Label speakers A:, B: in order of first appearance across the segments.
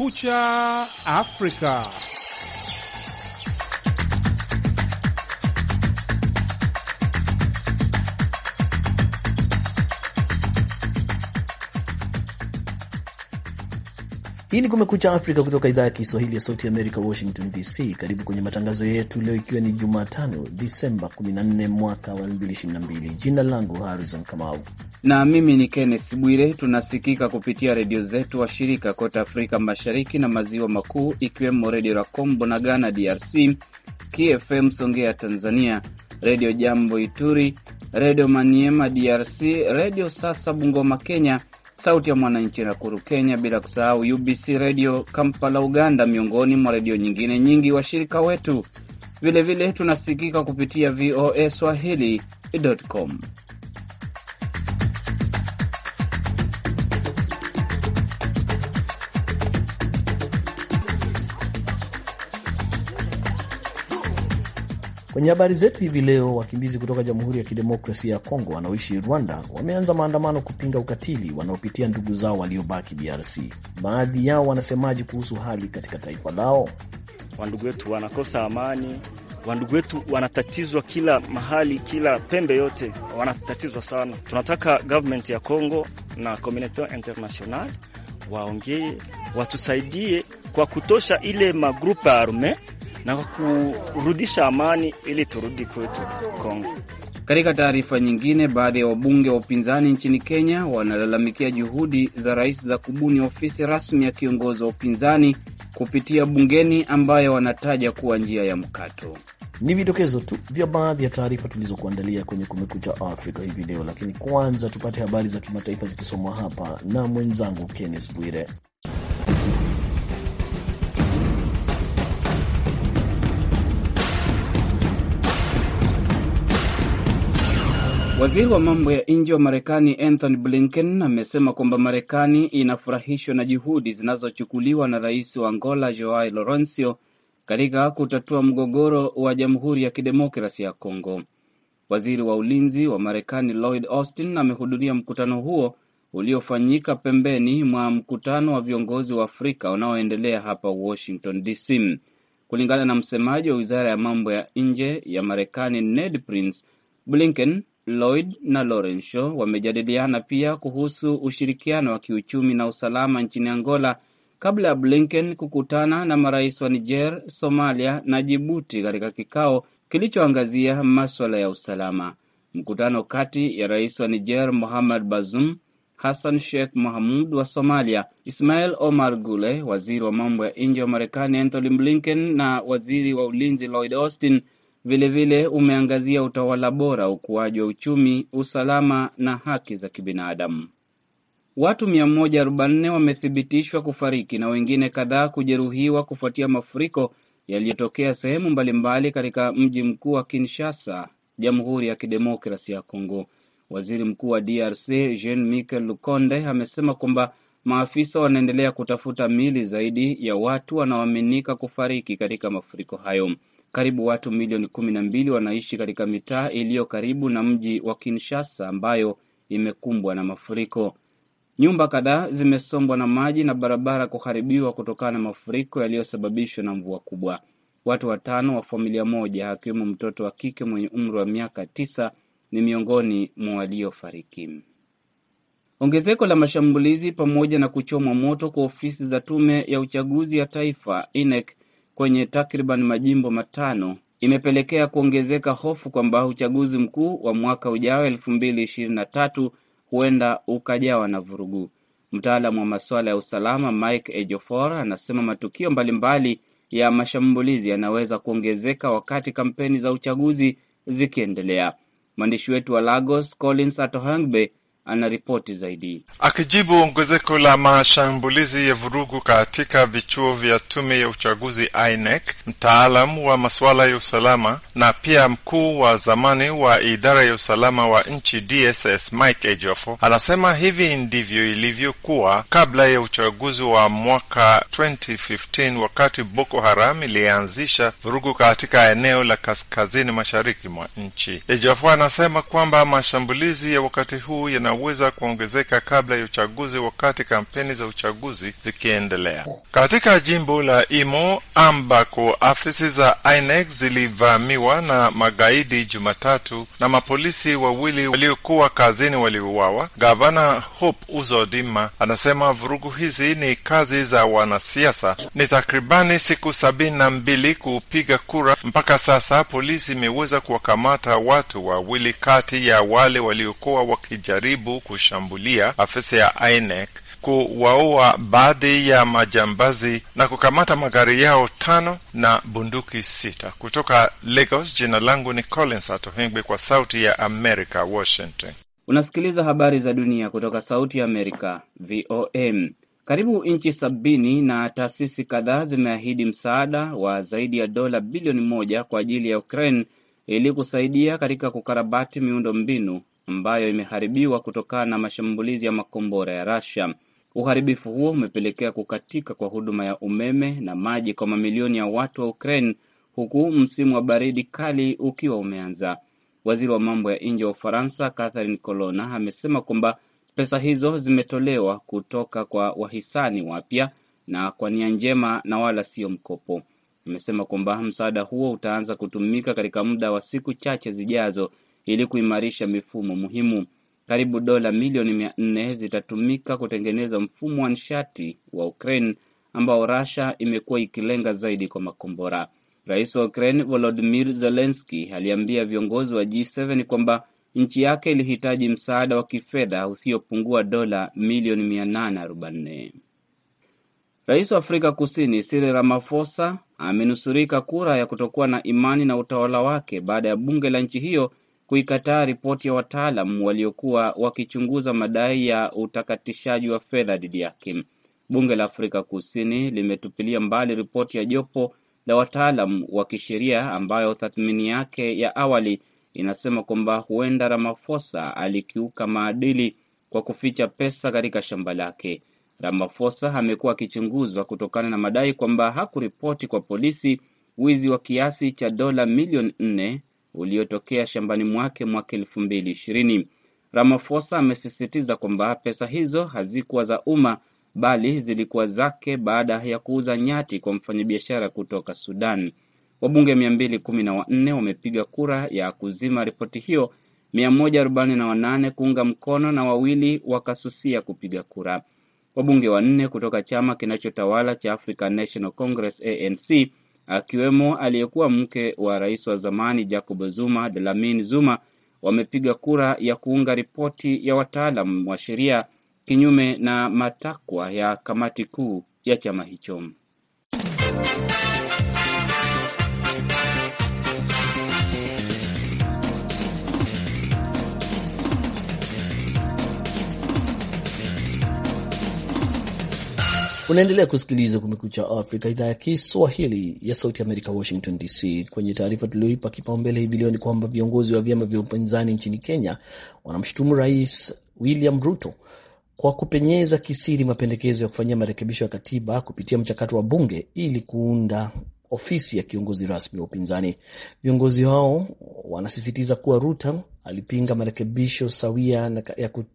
A: Kumekucha Afrika.
B: Hii ni Kumekucha Afrika kutoka idhaa ya Kiswahili ya Sauti Amerika, Washington DC. Karibu kwenye matangazo yetu leo, ikiwa ni Jumatano Disemba 14 mwaka wa 2022. Jina langu Harrison Kamau
C: na mimi ni Kenneth Bwire. Tunasikika kupitia redio zetu washirika kote Afrika Mashariki na Maziwa Makuu, ikiwemo Redio Racombo na Ghana DRC, KFM Songea Tanzania, Redio Jambo Ituri, Redio Maniema DRC, Redio Sasa Bungoma Kenya, Sauti ya Mwananchi Nakuru Kenya, bila kusahau UBC Redio Kampala Uganda, miongoni mwa redio nyingine nyingi washirika wetu. Vilevile vile tunasikika kupitia VOA swahili.com.
B: Kwenye habari zetu hivi leo, wakimbizi kutoka Jamhuri ya Kidemokrasia ya Kongo wanaoishi Rwanda wameanza maandamano kupinga ukatili wanaopitia ndugu zao waliobaki DRC. Baadhi yao wanasemaji kuhusu hali katika taifa lao? Wandugu wetu wanakosa amani, wandugu wetu wanatatizwa kila mahali, kila pembe yote wanatatizwa sana. Tunataka government ya Kongo na community international waongee, watusaidie kwa kutosha ile magrupe ya arme na kurudisha amani ili turudi kwetu Kongo.
C: Katika taarifa nyingine, baadhi ya wabunge wa upinzani nchini Kenya wanalalamikia juhudi za rais za kubuni ofisi rasmi ya kiongozi wa upinzani kupitia bungeni ambayo wanataja kuwa njia ya mkato.
B: Ni vidokezo tu vya baadhi ya taarifa tulizokuandalia kwenye Kumekucha Afrika hivi leo, lakini kwanza tupate habari za kimataifa zikisomwa hapa na mwenzangu Kennes Bwire.
C: Waziri wa mambo ya nje wa Marekani Anthony Blinken amesema kwamba Marekani inafurahishwa na juhudi zinazochukuliwa na rais wa Angola Joao Lourenco katika kutatua mgogoro wa Jamhuri ya Kidemokrasia ya Kongo. Waziri wa ulinzi wa Marekani Lloyd Austin amehudhuria mkutano huo uliofanyika pembeni mwa mkutano wa viongozi wa Afrika unaoendelea hapa Washington DC. Kulingana na msemaji wa wizara ya mambo ya nje ya Marekani Ned Prince, Blinken Lloyd na Lorenco wamejadiliana pia kuhusu ushirikiano wa kiuchumi na usalama nchini Angola kabla ya Blinken kukutana na marais wa Niger, Somalia na Jibuti katika kikao kilichoangazia maswala ya usalama. Mkutano kati ya rais wa Niger Mohamed Bazoum, Hassan Sheikh Mohamud wa Somalia, Ismail Omar Gule, waziri wa mambo ya nje wa Marekani Anthony Blinken na waziri wa ulinzi Lloyd Austin Vilevile umeangazia utawala bora, ukuaji wa uchumi, usalama na haki za kibinadamu. Watu 144 wamethibitishwa kufariki na wengine kadhaa kujeruhiwa kufuatia mafuriko yaliyotokea sehemu mbalimbali katika mji mkuu wa Kinshasa, Jamhuri ya Kidemokrasia ya Kongo. Waziri Mkuu wa DRC Jean Michel Lukonde amesema kwamba maafisa wanaendelea kutafuta mili zaidi ya watu wanaoaminika kufariki katika mafuriko hayo. Karibu watu milioni kumi na mbili wanaishi katika mitaa iliyo karibu na mji wa Kinshasa ambayo imekumbwa na mafuriko. Nyumba kadhaa zimesombwa na maji na barabara kuharibiwa kutokana na mafuriko yaliyosababishwa na mvua kubwa. Watu watano wa familia moja akiwemo mtoto wa kike mwenye umri wa miaka tisa ni miongoni mwa waliofariki. Ongezeko la mashambulizi pamoja na kuchomwa moto kwa ofisi za tume ya uchaguzi ya taifa INEC kwenye takriban majimbo matano imepelekea kuongezeka hofu kwamba uchaguzi mkuu wa mwaka ujao elfu mbili ishirini na tatu huenda ukajawa na vurugu. Mtaalamu wa masuala ya usalama Mike Ejofor anasema matukio mbalimbali ya mashambulizi yanaweza kuongezeka wakati kampeni za uchaguzi zikiendelea. Mwandishi wetu wa Lagos Collins Atohangbe anaripoti zaidi.
D: Akijibu ongezeko la mashambulizi ya vurugu katika vichuo vya tume ya uchaguzi INEC, mtaalam wa masuala ya usalama na pia mkuu wa zamani wa idara ya usalama wa nchi DSS Mike Ejofo anasema hivi ndivyo ilivyokuwa kabla ya uchaguzi wa mwaka 2015 wakati Boko Haram ilianzisha vurugu katika eneo la kaskazini mashariki mwa nchi. Ejofo anasema kwamba mashambulizi ya wakati huu yana inaweza kuongezeka kabla ya uchaguzi, wakati kampeni za uchaguzi zikiendelea. Katika jimbo la Imo ambako afisi za INEC zilivamiwa na magaidi Jumatatu na mapolisi wawili waliokuwa kazini waliuawa, gavana Hope Uzodinma anasema vurugu hizi ni kazi za wanasiasa. Ni takribani siku sabini na mbili kupiga kura. Mpaka sasa polisi imeweza kuwakamata watu wawili kati ya wale waliokuwa wakijaribu kujaribu kushambulia afisi ya INEC kuwaua baadhi ya majambazi na kukamata magari yao tano na bunduki sita. Kutoka Lagos, jina langu ni Collins Atohengwi kwa Sauti ya America, Washington. Unasikiliza habari za dunia kutoka Sauti ya Amerika,
C: VOM. Karibu nchi sabini na taasisi kadhaa zimeahidi msaada wa zaidi ya dola bilioni moja kwa ajili ya Ukraine ili kusaidia katika kukarabati miundo mbinu ambayo imeharibiwa kutokana na mashambulizi ya makombora ya Russia. Uharibifu huo umepelekea kukatika kwa huduma ya umeme na maji kwa mamilioni ya watu wa Ukraine huku msimu wa baridi kali ukiwa umeanza. Waziri wa mambo ya nje wa Ufaransa Catherine Colonna amesema kwamba pesa hizo zimetolewa kutoka kwa wahisani wapya na kwa nia njema na wala sio mkopo. Amesema kwamba msaada huo utaanza kutumika katika muda wa siku chache zijazo ili kuimarisha mifumo muhimu. Karibu dola milioni mia nne zitatumika kutengeneza mfumo wa nishati wa Ukraine ambao Russia imekuwa ikilenga zaidi kwa makombora. Rais wa Ukraine volodimir zelenski aliambia viongozi wa G7 kwamba nchi yake ilihitaji msaada wa kifedha usiopungua dola milioni 840. Rais wa Afrika Kusini Cyril Ramaphosa amenusurika kura ya kutokuwa na imani na utawala wake baada ya bunge la nchi hiyo kuikataa ripoti ya wataalam waliokuwa wakichunguza madai ya utakatishaji wa fedha dhidi yake. Bunge la Afrika Kusini limetupilia mbali ripoti ya jopo la wataalam wa kisheria ambayo tathmini yake ya awali inasema kwamba huenda Ramaphosa alikiuka maadili kwa kuficha pesa katika shamba lake. Ramaphosa amekuwa akichunguzwa kutokana na madai kwamba hakuripoti kwa polisi wizi wa kiasi cha dola milioni nne uliotokea shambani mwake mwaka elfu mbili ishirini. Ramafosa amesisitiza kwamba pesa hizo hazikuwa za umma bali zilikuwa zake baada ya kuuza nyati kwa mfanyabiashara kutoka Sudan. Wabunge mia mbili kumi na wanne wamepiga kura ya kuzima ripoti hiyo, mia moja arobaini na wanane kuunga mkono na wawili wakasusia kupiga kura. Wabunge wanne kutoka chama kinachotawala cha African National Congress ANC akiwemo aliyekuwa mke wa rais wa zamani Jacob Zuma, Dlamini Zuma, wamepiga kura ya kuunga ripoti ya wataalam wa sheria kinyume na matakwa ya kamati kuu ya chama hicho.
B: Unaendelea kusikiliza Kumekucha Afrika, idhaa ya Kiswahili ya Sauti Amerika, Washington DC. Kwenye taarifa tulioipa kipaumbele hivi leo ni kwamba viongozi wa vyama vya upinzani nchini Kenya wanamshutumu Rais William Ruto kwa kupenyeza kisiri mapendekezo ya kufanyia marekebisho ya katiba kupitia mchakato wa bunge ili kuunda ofisi ya kiongozi rasmi wa upinzani. Viongozi hao wanasisitiza kuwa Ruto alipinga marekebisho sawia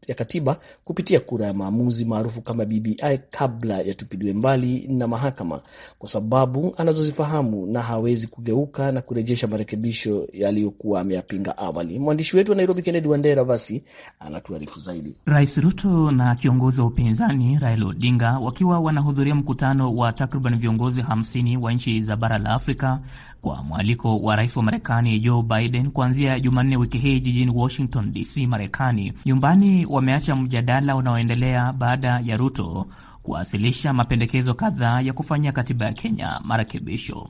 B: ya katiba kupitia kura ya maamuzi maarufu kama BBI kabla yatupiliwe mbali na mahakama kwa sababu anazozifahamu na hawezi kugeuka na kurejesha marekebisho yaliyokuwa ameyapinga awali. Mwandishi wetu wa Nairobi, Kennedy Wandera, basi anatuarifu zaidi.
E: Rais Ruto na kiongozi wa upinzani Raila Odinga wakiwa wanahudhuria mkutano wa takriban viongozi 50 wa nchi za bara la Afrika kwa mwaliko wa rais wa Marekani Joe Biden kuanzia Jumanne wiki hii jijini Washington DC, Marekani. Nyumbani wameacha mjadala unaoendelea baada ya Ruto kuwasilisha mapendekezo kadhaa ya kufanyia katiba ya Kenya marekebisho.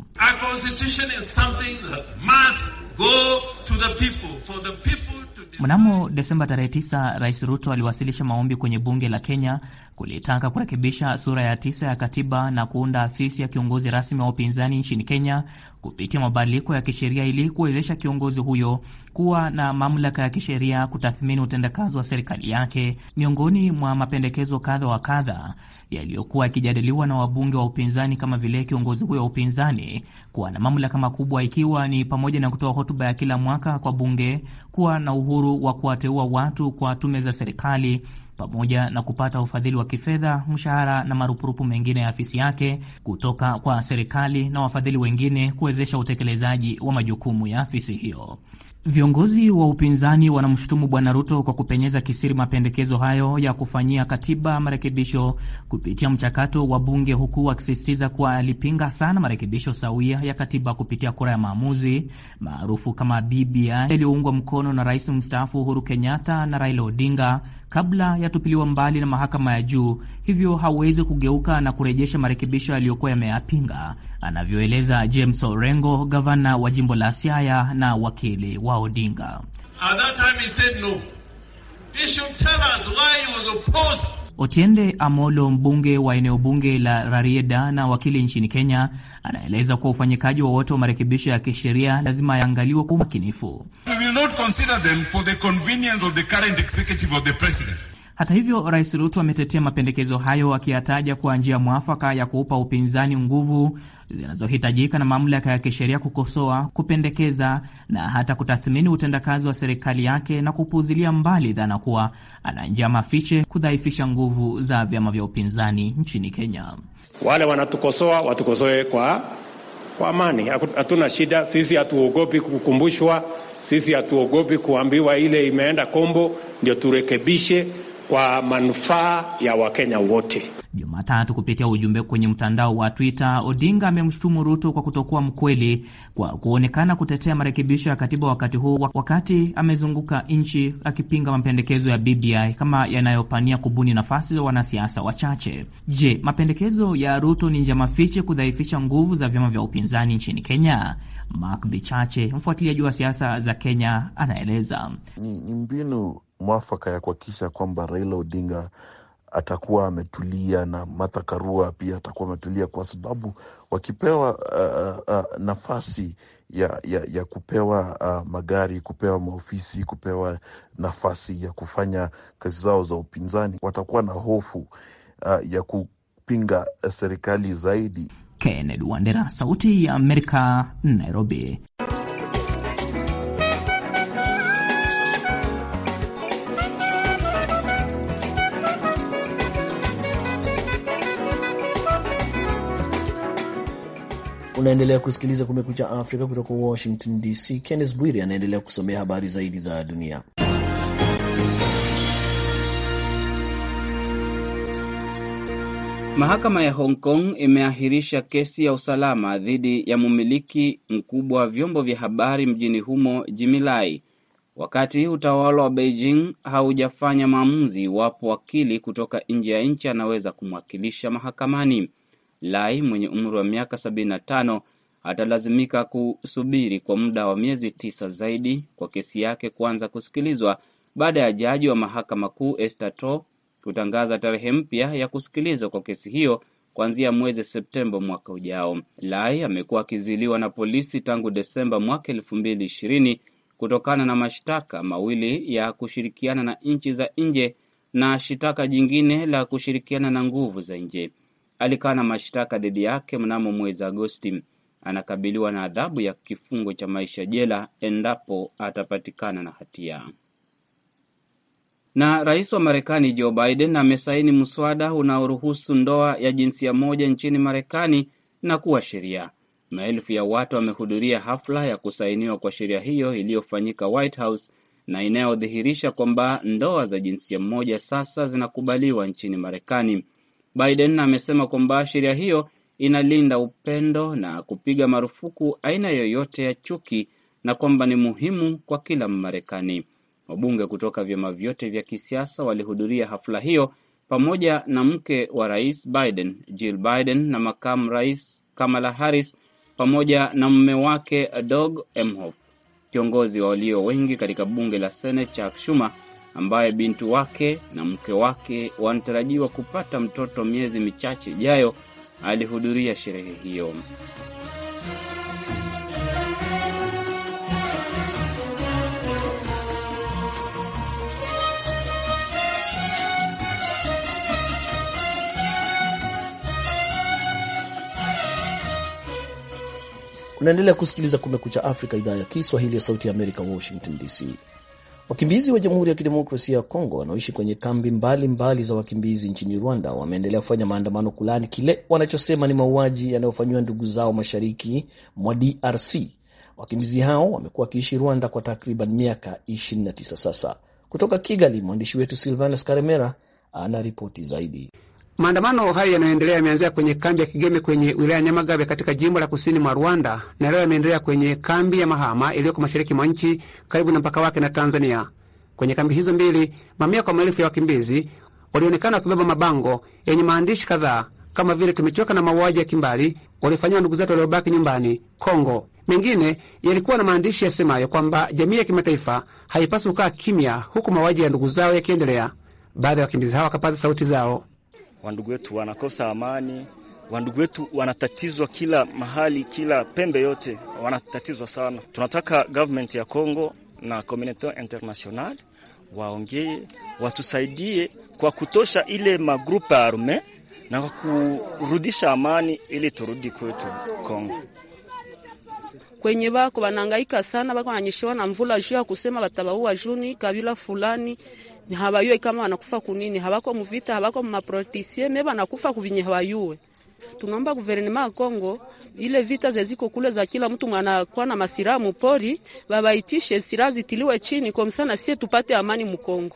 E: Mnamo Desemba tarehe 9, Rais Ruto aliwasilisha maombi kwenye bunge la Kenya kulitaka kurekebisha sura ya tisa ya katiba na kuunda afisi ya kiongozi rasmi wa upinzani nchini Kenya kupitia mabadiliko ya kisheria ili kuwezesha kiongozi huyo kuwa na mamlaka ya kisheria kutathmini utendakazi wa serikali yake, miongoni mwa mapendekezo kadha wa kadha yaliyokuwa yakijadiliwa na wabunge wa upinzani, kama vile kiongozi huyo wa upinzani kuwa na mamlaka makubwa, ikiwa ni pamoja na kutoa hotuba ya kila mwaka kwa bunge, kuwa na uhuru wa kuwateua watu kwa tume za serikali pamoja na kupata ufadhili wa kifedha, mshahara na marupurupu mengine ya afisi yake kutoka kwa serikali na wafadhili wengine kuwezesha utekelezaji wa majukumu ya afisi hiyo. Viongozi wa upinzani wanamshutumu Bwana Ruto kwa kupenyeza kisiri mapendekezo hayo ya kufanyia katiba marekebisho kupitia mchakato wa bunge, huku wakisisitiza kuwa alipinga sana marekebisho sawia ya katiba kupitia kura ya maamuzi maarufu kama BBI yaliyoungwa mkono na rais mstaafu Uhuru Kenyatta na Raila Odinga kabla ya tupiliwa mbali na mahakama ya juu, hivyo hawezi kugeuka na kurejesha marekebisho yaliyokuwa yameyapinga, anavyoeleza James Orengo, gavana wa jimbo la Siaya na wakili wa Odinga.
D: At that time he said no. He should tell us why he was opposed
E: Otiende Amolo, mbunge wa eneo bunge la Rarieda na wakili nchini Kenya, anaeleza kuwa ufanyikaji wowote wa marekebisho ya kisheria lazima yaangaliwe kwa umakinifu. Hata hivyo, Rais Ruto ametetea mapendekezo hayo akiyataja kuwa njia mwafaka ya kuupa upinzani nguvu zinazohitajika na mamlaka ya kisheria kukosoa, kupendekeza na hata kutathmini utendakazi wa serikali yake na kupuuzilia mbali dhana kuwa ana njama fiche kudhaifisha nguvu za vyama vya upinzani nchini Kenya.
F: Wale wanatukosoa watukosoe kwa kwa amani, hatuna shida sisi, hatuogopi kukumbushwa, sisi hatuogopi kuambiwa ile imeenda kombo ndio turekebishe kwa manufaa ya Wakenya wote.
E: Jumatatu, kupitia ujumbe kwenye mtandao wa Twitter, Odinga amemshutumu Ruto kwa kutokuwa mkweli kwa kuonekana kutetea marekebisho ya katiba wakati huu, wakati amezunguka nchi akipinga mapendekezo ya BBI kama yanayopania kubuni nafasi za wanasiasa wachache. Je, mapendekezo ya Ruto ni njama fiche kudhaifisha nguvu za vyama vya upinzani nchini Kenya? Mark Bichache, mfuatiliaji wa siasa za Kenya, anaeleza
B: ni mbinu mwafaka ya kuhakikisha kwamba Raila Odinga atakuwa ametulia na Martha Karua pia atakuwa ametulia, kwa sababu wakipewa uh, uh, uh, nafasi ya, ya, ya kupewa uh, magari, kupewa maofisi, kupewa nafasi ya kufanya kazi zao za upinzani, watakuwa na hofu uh, ya kupinga serikali zaidi.
E: Kennedy Wandera, Sauti ya Amerika, Nairobi.
B: Unaendelea kusikiliza Kumekucha Afrika kutoka Washington DC. Kennes Bwiri anaendelea kusomea habari zaidi za
C: dunia. Mahakama ya Hong Kong imeahirisha kesi ya usalama dhidi ya mumiliki mkubwa wa vyombo vya habari mjini humo Jimmy Lai, wakati utawala wa Beijing haujafanya maamuzi iwapo wakili kutoka nje ya nchi anaweza kumwakilisha mahakamani. Lai mwenye umri wa miaka sabini na tano atalazimika kusubiri kwa muda wa miezi tisa zaidi kwa kesi yake kuanza kusikilizwa baada ya jaji wa mahakama kuu Esther kutangaza tarehe mpya ya kusikilizwa kwa kesi hiyo kuanzia mwezi Septemba mwaka ujao. Lai amekuwa akiziliwa na polisi tangu Desemba mwaka elfu mbili ishirini kutokana na mashtaka mawili ya kushirikiana na nchi za nje na shitaka jingine la kushirikiana na nguvu za nje alikana mashtaka dhidi yake mnamo mwezi Agosti. Anakabiliwa na adhabu ya kifungo cha maisha jela endapo atapatikana na hatia. Na rais wa Marekani Joe Biden amesaini mswada unaoruhusu ndoa ya jinsia moja nchini Marekani na kuwa sheria. Maelfu ya watu wamehudhuria hafla ya kusainiwa kwa sheria hiyo iliyofanyika White House na inayodhihirisha kwamba ndoa za jinsia moja sasa zinakubaliwa nchini Marekani. Biden amesema kwamba sheria hiyo inalinda upendo na kupiga marufuku aina yoyote ya chuki na kwamba ni muhimu kwa kila Mmarekani. Wabunge kutoka vyama vyote vya kisiasa walihudhuria hafla hiyo pamoja na mke wa rais Biden, Jill Biden, na makamu rais Kamala Harris pamoja na mume wake Doug Emhoff. Kiongozi wa walio wengi katika bunge la Senate Chuck Schumer ambaye binti wake na mke wake wanatarajiwa kupata mtoto miezi michache ijayo, alihudhuria sherehe hiyo.
B: Unaendelea kusikiliza Kumekucha Afrika, idhaa ya Kiswahili ya Sauti ya Amerika, Washington DC. Wakimbizi wa Jamhuri ya Kidemokrasia ya Kongo wanaoishi kwenye kambi mbalimbali mbali za wakimbizi nchini Rwanda wameendelea kufanya maandamano kulaani kile wanachosema ni mauaji yanayofanyiwa ndugu zao mashariki mwa DRC. Wakimbizi hao wamekuwa wakiishi Rwanda kwa takriban miaka 29 sasa. Kutoka Kigali, mwandishi wetu Silvanus Karemera ana ripoti zaidi.
F: Maandamano hayo yanayoendelea yameanzia kwenye kambi ya Kigeme kwenye wilaya ya Nyamagabe katika jimbo la kusini mwa Rwanda, na leo yameendelea kwenye kambi ya Mahama iliyoko mashariki mwa nchi karibu na mpaka wake na Tanzania. Kwenye kambi hizo mbili, mamia kwa maelfu ya wakimbizi walionekana wakibeba mabango yenye maandishi kadhaa kama vile tumechoka na mauaji ya kimbali waliofanyiwa ndugu zetu waliobaki nyumbani Kongo. Mengine yalikuwa na maandishi yasemayo kwamba jamii ya kimataifa haipaswi kukaa kimya huku mauaji ya ndugu zao yakiendelea. Baadhi ya wakimbizi hawo wakapata sauti zao
B: wandugu wetu wanakosa amani, wandugu wetu wanatatizwa kila mahali, kila pembe yote wanatatizwa sana. Tunataka government ya Congo na community international waongee, watusaidie kwa kutosha ile magrupa ya arme na kwa kurudisha amani ili turudi kwetu congo
E: kwenye bako banangaika sana, bako wananyeshewa na mvula juu ya kusema batabaua juni kabila fulani habayue kama wanakufa kunini, habako muvita, habako mumaprotisie me banakufa kuvinye habayue Tunaomba guverinema ya Kongo ile vita zeziko kule za kila mtu mwanakuwa na masiraha mupori, babaitishe siraha zitiliwe chini komsana sie tupate amani mukongo.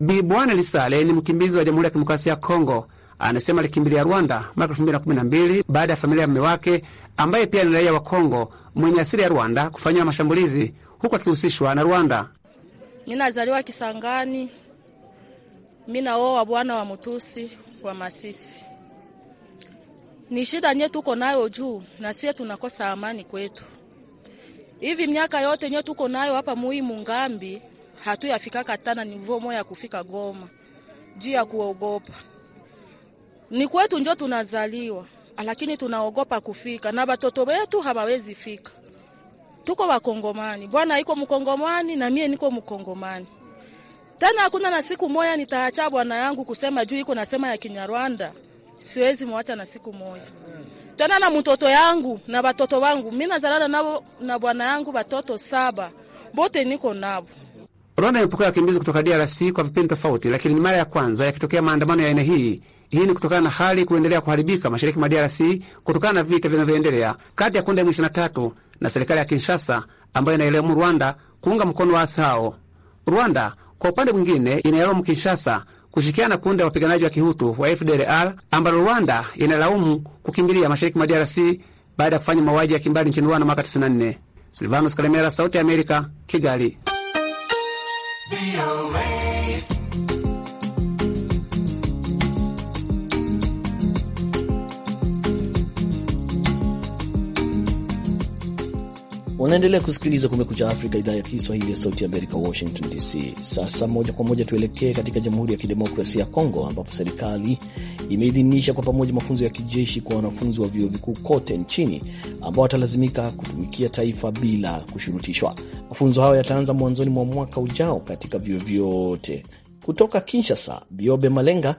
F: Bibwana Lisale ni mkimbizi wa Jamhuri ya Kidemokrasia ya Kongo. Anasema alikimbilia Rwanda mwaka elfu mbili na na kumi mbili baada ya familia ya mume wake ambaye pia ni raia wa Kongo mwenye asili ya Rwanda kufanyiwa mashambulizi huku akihusishwa na Rwanda.
E: Mi nazaliwa Kisangani, minaoa bwana wa Mutusi wa Masisi. Ni shida nye tuko nayo juu na sie tunakosa amani kwetu. Hivi miaka yote nye tuko nayo hapa mui Mungambi katana ni nivo moya kufika Goma juu ya kuogopa. Ni kwetu njo tunazaliwa, lakini tunaogopa kufika na batoto wetu hawawezi fika tuko Wakongomani, bwana iko Mkongomani na mie niko Mkongomani. Tena hakuna na siku moja nitaacha bwana yangu kusema juu iko nasema ya Kinyarwanda, siwezi mwacha na siku moja tena. Na mtoto yangu na watoto wangu mi nazalala nao na bwana yangu, watoto saba bote niko nabo.
F: Rwanda imepokea wakimbizi kutoka DRC kwa vipindi tofauti, lakini ni mara ya kwanza yakitokea maandamano ya aina hii. Hii ni kutokana na hali kuendelea kuharibika mashariki mwa DRC kutokana na vita vinavyoendelea kati ya kundi M23 na serikali ya Kinshasa ambayo inailaumu Rwanda kuunga mkono waasi hao. Rwanda kwa upande mwingine inailaumu Kinshasa kushikiana na kundi la wapiganaji wa kihutu wa FDLR ambalo Rwanda inalaumu kukimbilia mashariki mwa DRC baada ya kufanya mauaji ya kimbali nchini Rwanda mwaka 94. Silvanus Kalemera, Sauti ya Amerika, Kigali.
B: Unaendelea kusikiliza Kumekucha Afrika, idhaa ya Kiswahili ya Sauti Amerika, Washington DC. Sasa moja kwa moja tuelekee katika Jamhuri ya Kidemokrasia ya Kongo, ambapo serikali imeidhinisha kwa pamoja mafunzo ya kijeshi kwa wanafunzi wa vyuo vikuu kote nchini ambao watalazimika kutumikia taifa bila kushurutishwa. Mafunzo hayo yataanza mwanzoni mwa mwaka
A: ujao katika vyuo vyote. Kutoka Kinshasa, Biobe Malenga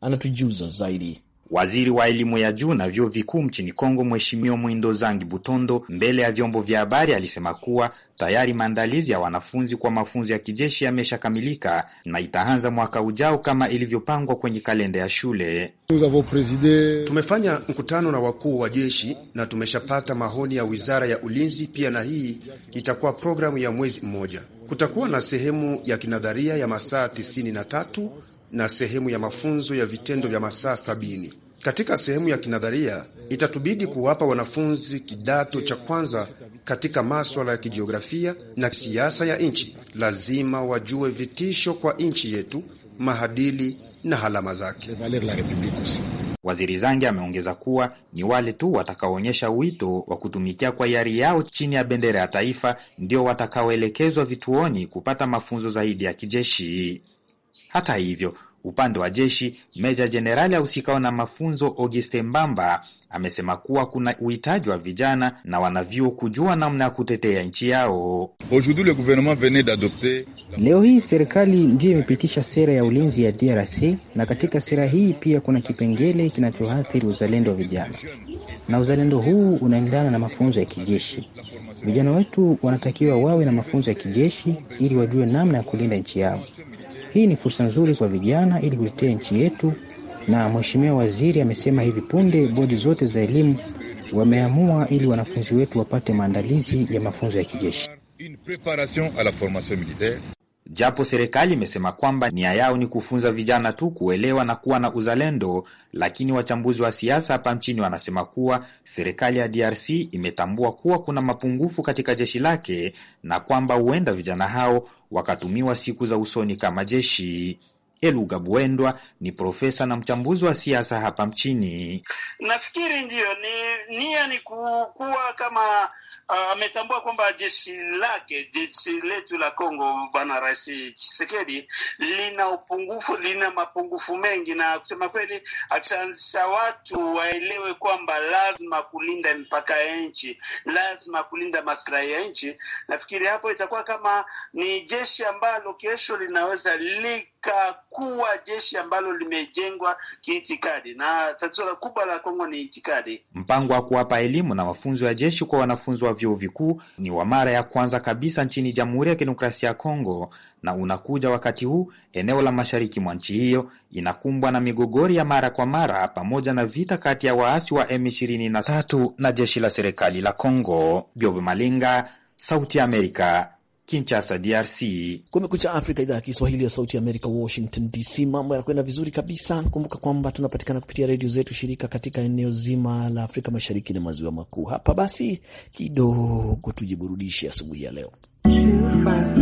A: anatujuza zaidi. Waziri wa elimu ya juu na vyuo vikuu nchini Kongo, Mheshimiwa Mwindo Zangi Butondo, mbele ya vyombo vya habari alisema kuwa tayari maandalizi ya wanafunzi kwa mafunzo ya kijeshi yameshakamilika na itaanza mwaka ujao kama ilivyopangwa kwenye kalenda ya shule. Tumefanya mkutano na wakuu wa jeshi na tumeshapata maoni ya wizara ya ulinzi pia, na hii itakuwa programu ya mwezi mmoja. Kutakuwa na sehemu ya kinadharia ya masaa 93 na sehemu ya mafunzo ya vitendo vya masaa sabini. Katika sehemu ya kinadharia, itatubidi kuwapa wanafunzi kidato cha kwanza katika maswala ya kijiografia na siasa ya nchi. Lazima wajue vitisho kwa nchi yetu, mahadili na halama zake. Waziri Zange ameongeza kuwa ni wale tu watakaoonyesha wito wa kutumikia kwa hiari yao chini ya bendera ya taifa ndio watakaoelekezwa vituoni kupata mafunzo zaidi ya kijeshi. Hata hivyo Upande wa jeshi, meja jenerali ahusikao na mafunzo Auguste Mbamba amesema kuwa kuna uhitaji wa vijana na wanavyuo kujua namna ya kutetea nchi yao. Leo hii serikali ndiyo imepitisha sera ya ulinzi ya DRC, na katika sera hii pia kuna kipengele kinachoathiri uzalendo wa vijana, na uzalendo huu unaendana na mafunzo ya kijeshi. Vijana wetu wanatakiwa wawe na mafunzo ya kijeshi ili wajue namna ya kulinda nchi yao. Hii ni fursa nzuri kwa vijana ili kuitetea nchi yetu, na mheshimiwa waziri amesema hivi punde bodi zote za elimu wameamua ili wanafunzi wetu wapate maandalizi ya mafunzo ya kijeshi. Japo serikali imesema kwamba nia yao ni kufunza vijana tu kuelewa na kuwa na uzalendo, lakini wachambuzi wa siasa hapa nchini wanasema kuwa serikali ya DRC imetambua kuwa kuna mapungufu katika jeshi lake na kwamba huenda vijana hao wakatumiwa siku za usoni kama jeshi. Eluga Bwendwa ni profesa na mchambuzi wa siasa hapa mchini.
F: Nafikiri ndiyo ni nia ni kuwa kama ah, ametambua uh, kwamba jeshi lake jeshi letu la Kongo, bwana Rais chisekedi lina upungufu, lina mapungufu mengi, na kusema kweli achaanzisha watu waelewe kwamba lazima kulinda mipaka ya nchi, lazima kulinda maslahi ya nchi. Nafikiri hapo itakuwa kama ni jeshi ambalo kesho linaweza lika kuwa jeshi ambalo limejengwa kiitikadi, na tatizo kubwa la Kongo ni itikadi.
A: Mpango wa kuwapa elimu na mafunzo ya jeshi kwa wanafunzi wa vyuo vikuu ni wa mara ya kwanza kabisa nchini Jamhuri ya Kidemokrasia ya Kongo na unakuja wakati huu eneo la mashariki mwa nchi hiyo inakumbwa na migogori ya mara kwa mara pamoja na vita kati ya waasi wa M23 na jeshi la serikali la congo Biobe Malinga, Sauti ya Amerika, kinchasa DRC.
B: Kumekucha Afrika, idhaa ya Kiswahili ya Sauti ya Amerika, Washington DC. Mambo yanakwenda vizuri kabisa. Kumbuka kwamba tunapatikana kupitia redio zetu shirika katika eneo zima la Afrika Mashariki na Maziwa Makuu. Hapa basi kidogo tujiburudishe asubuhi ya leo Shumba.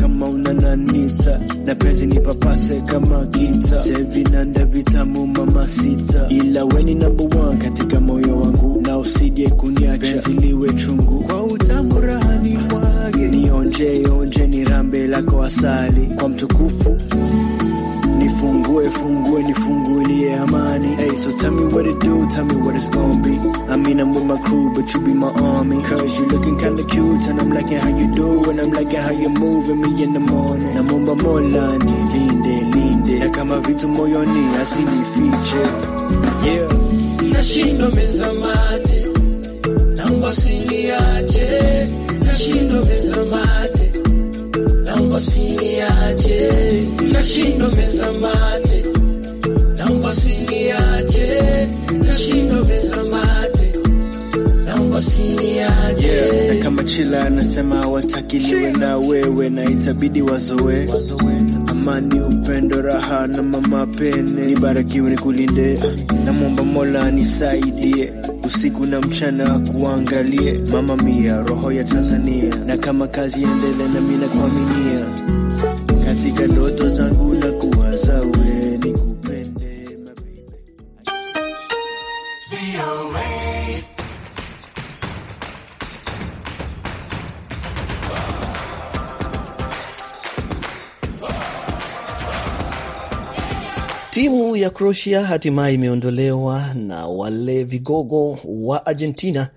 G: kama unananita na penzi papase kama gita sevinanda vitamu mama sita, ila weni number one katika moyo wangu na usidie kuniacha, pezi liwe chungu kwa utamu rahani mwage, nionje onje ni rambe lako asali kwa mtukufu Fungue, fungueni ni fungulie amani. Hey, so tell me what it do, tell me what it's gonna be. I mean, I'm with my crew, but you be my army. Cause you looking kinda cute, and I'm liking how you do, and I'm liking how you moving me in the morning. Namomba mola nilinde, linde, na kama vitu moyoni asinifiche. Yeah. Nashindo mezamate, naomba usiniache. Nashindo mezamate, naomba usiniache. Nashindo mezamate Yeah, na kama Chila anasema watakiliwe na wewe na itabidi wazoe amani, upendo, raha na mama pene. Nibarikiwe, nikulinde, namwomba Mola nisaidie usiku na mchana kuangalie mama mia roho ya Tanzania, na kama kazi endele na mimi nakuaminia katika ndoto zangu na
B: ya Croatia hatimaye imeondolewa na wale vigogo wa Argentina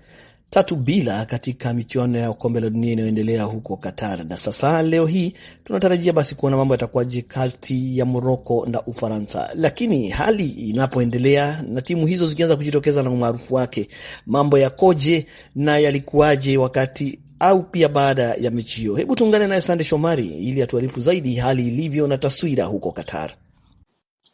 B: tatu bila katika michuano ya kombe la dunia inayoendelea huko Qatar. Na sasa leo hii tunatarajia basi kuona mambo yatakuwaje kati ya Moroko na Ufaransa, lakini hali inapoendelea na timu hizo zikianza kujitokeza na umaarufu wake, mambo yakoje na yalikuwaje wakati au pia baada ya mechi hiyo? Hebu tuungane naye Sande Shomari ili atuarifu zaidi hali ilivyo na taswira huko Qatar.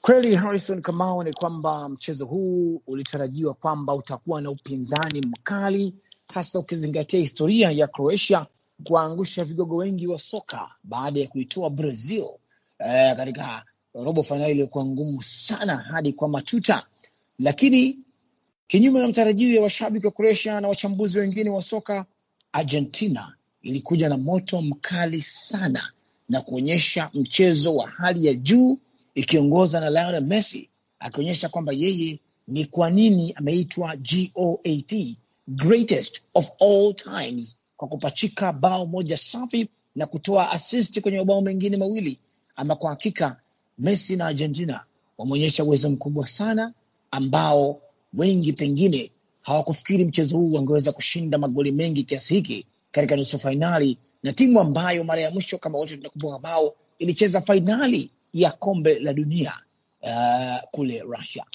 B: Kweli Harrison Kamau,
H: ni kwamba mchezo huu ulitarajiwa kwamba utakuwa na upinzani mkali, hasa ukizingatia historia ya Croatia kuwaangusha vigogo wengi wa soka baada ya kuitoa Brazil eh, katika robo fainali iliyokuwa ngumu sana hadi kwa matuta. Lakini kinyume na matarajio ya washabiki wa Croatia na wachambuzi wengine wa soka, Argentina ilikuja na moto mkali sana na kuonyesha mchezo wa hali ya juu ikiongoza na Lionel Messi akionyesha kwamba yeye ni kwa nini ameitwa GOAT, greatest of all times, kwa kupachika bao moja safi na kutoa assist kwenye mabao mengine mawili. Ama kwa hakika Messi na Argentina wameonyesha uwezo mkubwa sana ambao wengi pengine hawakufikiri mchezo huu wangeweza kushinda magoli mengi kiasi hiki katika nusu fainali, na timu ambayo mara ya mwisho kama wote tunakumbuka, bao ilicheza fainali ya kombe la dunia uh, kule
B: Russia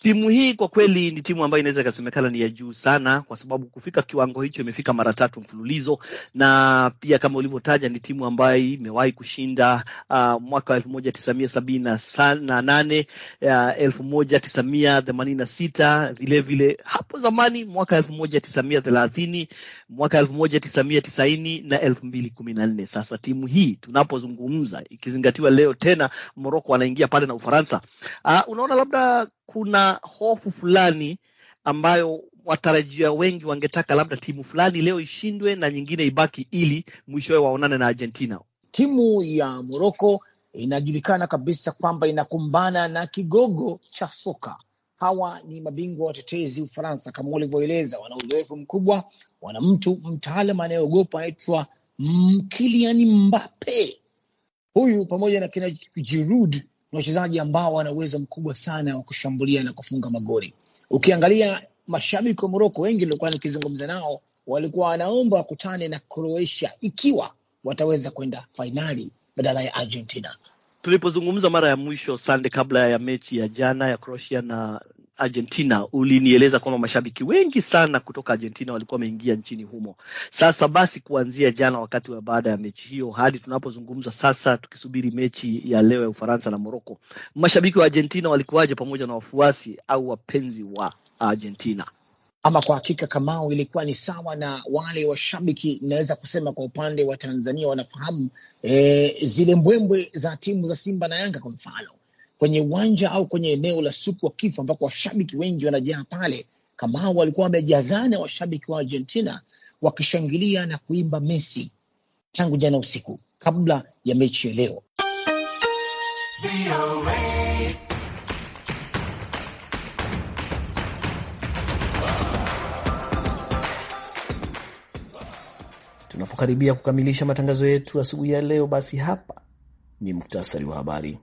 B: timu hii kwa kweli ni timu ambayo inaweza ikasemekana ni ya juu sana, kwa sababu kufika kiwango hicho imefika mara tatu mfululizo, na pia kama ulivyotaja ni timu ambayo imewahi kushinda uh, mwaka wa elfu moja tisamia sabini na nane uh, elfu moja tisamia themanini na sita vilevile hapo zamani mwaka elfu moja tisamia thelathini mwaka elfu moja tisamia tisaini na elfu mbili kumi na nne Sasa timu hii tunapozungumza, ikizingatiwa leo tena Moroko anaingia pale na Ufaransa, uh, unaona labda kuna hofu fulani ambayo watarajia wengi wangetaka labda timu fulani leo ishindwe na nyingine ibaki, ili mwishowe waonane na Argentina. Timu ya Moroko inajulikana kabisa kwamba inakumbana na
H: kigogo cha soka. Hawa ni mabingwa watetezi Ufaransa, kama walivyoeleza, wana uzoefu mkubwa, wana mtu mtaalam anayeogopa anaitwa Kylian Mbappe. Huyu pamoja na kina Giroud ni wachezaji ambao wana uwezo mkubwa sana wa kushambulia na kufunga magoli. Ukiangalia mashabiki wa Moroko wengi nilikuwa nikizungumza nao, walikuwa wanaomba wakutane na Croatia ikiwa wataweza kwenda fainali badala ya Argentina.
B: Tulipozungumza mara ya mwisho Sande, kabla ya mechi ya jana ya Croatia na, Argentina ulinieleza kwamba mashabiki wengi sana kutoka Argentina walikuwa wameingia nchini humo. Sasa basi, kuanzia jana wakati wa baada ya mechi hiyo hadi tunapozungumza sasa, tukisubiri mechi ya leo ya Ufaransa na Morocco, mashabiki wa Argentina walikuwaje pamoja na wafuasi au wapenzi wa Argentina? Ama kwa hakika
H: Kamau, ilikuwa ni sawa na wale washabiki, naweza kusema kwa upande wa Tanzania wanafahamu e, zile mbwembwe za timu za Simba na Yanga kwa mfano kwenye uwanja au kwenye eneo la siku wa kifo ambako washabiki wengi wanajaa pale, kama hao walikuwa wamejazana washabiki wa Argentina wakishangilia na kuimba Messi tangu jana usiku kabla ya mechi ya leo.
B: Tunapokaribia kukamilisha matangazo yetu asubuhi ya leo, basi hapa ni muktasari wa habari.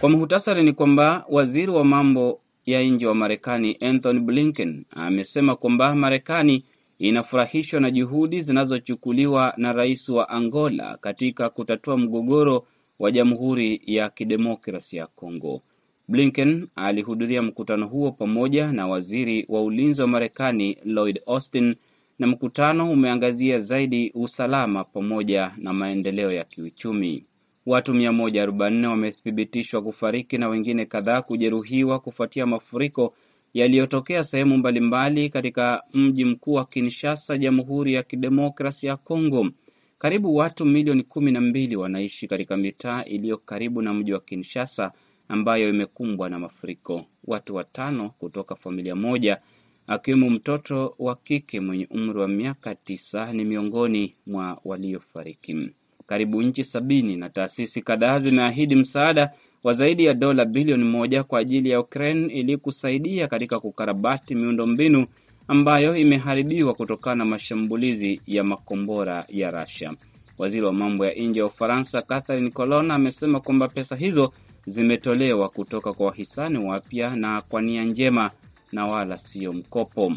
C: Kwa muhtasari ni kwamba waziri wa mambo ya nje wa Marekani Anthony Blinken amesema kwamba Marekani inafurahishwa na juhudi zinazochukuliwa na rais wa Angola katika kutatua mgogoro wa Jamhuri ya Kidemokrasia ya Kongo. Blinken alihudhuria mkutano huo pamoja na waziri wa ulinzi wa Marekani Lloyd Austin, na mkutano umeangazia zaidi usalama pamoja na maendeleo ya kiuchumi. Watu 144 wamethibitishwa kufariki na wengine kadhaa kujeruhiwa kufuatia mafuriko yaliyotokea sehemu mbalimbali katika mji mkuu wa Kinshasa, Jamhuri ya Kidemokrasi ya Kongo. Karibu watu milioni kumi na mbili wanaishi katika mitaa iliyo karibu na mji wa Kinshasa ambayo imekumbwa na mafuriko. Watu watano kutoka familia moja, akiwemo mtoto wa kike mwenye umri wa miaka tisa, ni miongoni mwa waliofariki karibu nchi sabini na taasisi kadhaa zimeahidi msaada wa zaidi ya dola bilioni moja kwa ajili ya Ukraine ili kusaidia katika kukarabati miundo mbinu ambayo imeharibiwa kutokana na mashambulizi ya makombora ya Russia. Waziri wa mambo ya nje ya Ufaransa Catherine Colonna amesema kwamba pesa hizo zimetolewa kutoka kwa wahisani wapya na kwa nia njema na wala siyo mkopo.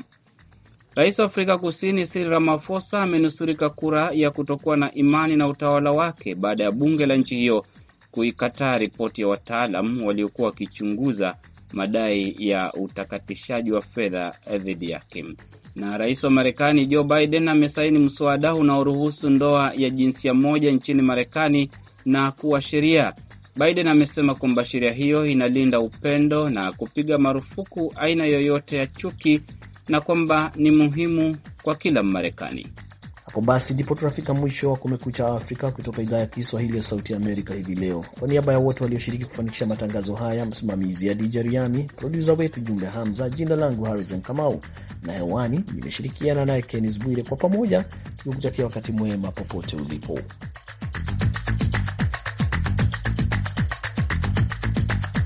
C: Rais wa Afrika Kusini Cyril Ramaphosa amenusurika kura ya kutokuwa na imani na utawala wake baada ya bunge la nchi hiyo kuikataa ripoti ya wataalam waliokuwa wakichunguza madai ya utakatishaji wa fedha dhidi yake. Na rais wa Marekani Joe Biden amesaini mswada unaoruhusu ndoa ya jinsia moja nchini Marekani na kuwa sheria. Biden amesema kwamba sheria hiyo inalinda upendo na kupiga marufuku aina yoyote ya chuki na kwamba ni muhimu kwa kila Mmarekani.
B: Hapo basi ndipo tunafika mwisho wa Kumekucha Afrika kutoka idhaa ya Kiswahili ya Sauti Amerika hivi leo. Kwa niaba ya wote walioshiriki kufanikisha matangazo haya, msimamizi Adija Riami, produsa wetu Jumbe Hamza, jina langu Harrison Kamau na hewani nimeshirikiana naye Kennis Bwire, kwa pamoja tukikutakia wakati mwema popote ulipo.